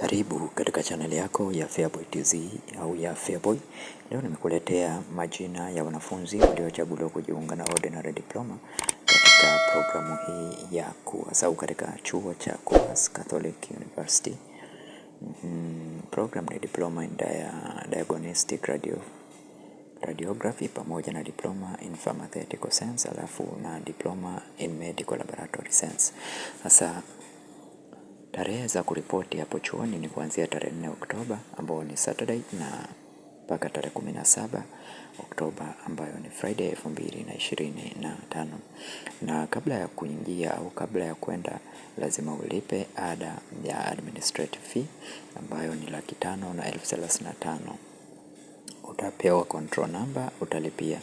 Karibu katika chaneli yako ya Feaboy TZ au ya Feaboy. Leo nimekuletea majina ya wanafunzi waliochaguliwa kujiunga na ordinary diploma katika programu hii ya KUWAS au katika chuo cha KUAS Catholic University. Mm, program ni diploma in diagnostic radio, radiography pamoja na diploma in pharmaceutical science alafu na diploma in medical laboratory science. Sasa Tarehe za kuripoti hapo chuoni ni kuanzia tarehe nne Oktoba ambayo ni Saturday na mpaka tarehe 17 Oktoba ambayo ni Friday 2025. Na kabla ya kuingia au kabla ya kwenda, lazima ulipe ada ya administrative fee ambayo ni laki tano na elfu thelathini na tano. Utapewa control number, utalipia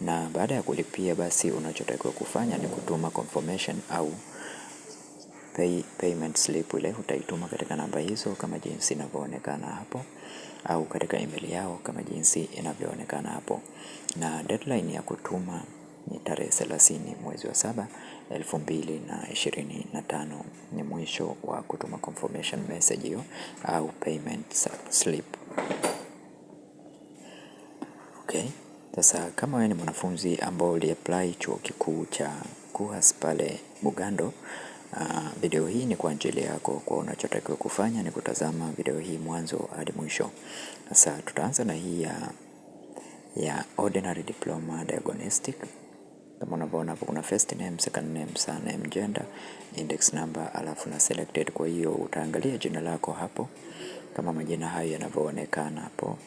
na baada ya kulipia basi unachotakiwa kufanya ni kutuma confirmation au pay, payment slip ile utaituma katika namba hizo kama jinsi inavyoonekana hapo, au katika email yao kama jinsi inavyoonekana hapo, na deadline ya kutuma ni tarehe 30 mwezi wa saba 2025 ni mwisho wa kutuma confirmation message hiyo au payment slip. Okay, sasa kama wewe ni mwanafunzi ambao uliapply chuo kikuu cha KUHAS pale Bugando Uh, video hii ni kwa ajili yako, kwa unachotakiwa kufanya ni kutazama video hii mwanzo hadi mwisho. Sasa tutaanza na hii ya, ya ordinary diploma diagnostic. Kama unavyoona hapo kuna first name, second name, surname, gender, index number alafu na selected. Kwa hiyo utaangalia jina lako hapo kama majina hayo yanavyoonekana hapo,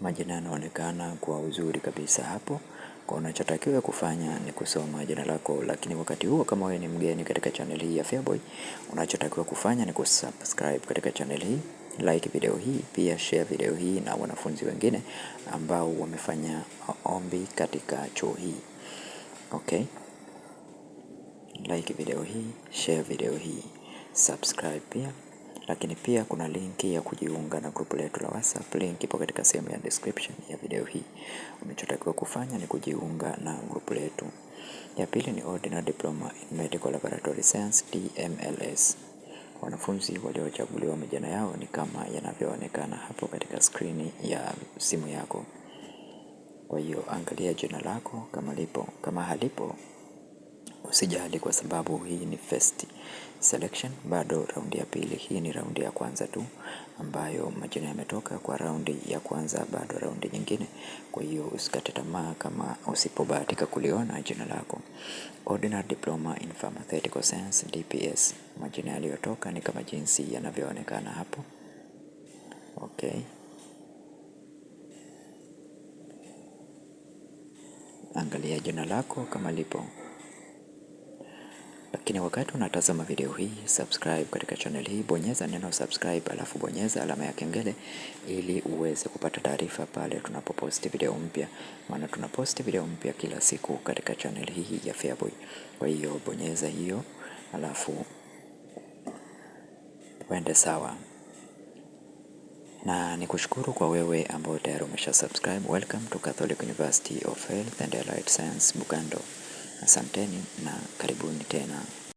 majina yanaonekana kwa uzuri kabisa hapo. Kwa unachotakiwa kufanya ni kusoma jina lako, lakini wakati huo kama wewe ni mgeni katika channel hii ya Feaboy, unachotakiwa kufanya ni kusubscribe katika channel hii, like video hii, pia share video hii na wanafunzi wengine ambao wamefanya ombi katika chuo hii. Okay, like video hii, share video hii, subscribe pia. Lakini pia kuna linki ya kujiunga na grupu letu la WhatsApp. Link ipo katika sehemu ya description ya video hii. Unachotakiwa kufanya ni kujiunga na grupu letu. Ya pili ni Ordinary Diploma in Medical Laboratory Science DMLS. Wanafunzi waliochaguliwa majina yao ni kama yanavyoonekana hapo katika skrini ya simu yako. Kwa hiyo angalia jina lako kama lipo, kama halipo usijali kwa sababu hii ni first selection, bado raundi ya pili. Hii ni raundi ya kwanza tu ambayo majina yametoka kwa raundi ya kwanza, bado raundi nyingine. Kwa hiyo usikate tamaa kama usipobahatika kuliona jina lako. Ordinary Diploma in Pharmaceutical Science DPS, majina yaliyotoka ni kama jinsi yanavyoonekana hapo. Okay. Angalia jina lako kama lipo. Lakini wakati unatazama video hii, subscribe katika channel hii, bonyeza neno subscribe, alafu bonyeza alama ya kengele ili uweze kupata taarifa pale tunapoposti video mpya, maana tunaposti video mpya kila siku katika channel hii ya Feaboy. Kwa hiyo bonyeza hiyo, alafu wende sawa na ni kushukuru kwa wewe ambao tayari umesha subscribe. Welcome to Catholic University of Health and Allied Science Bugando. Asanteni na karibuni tena.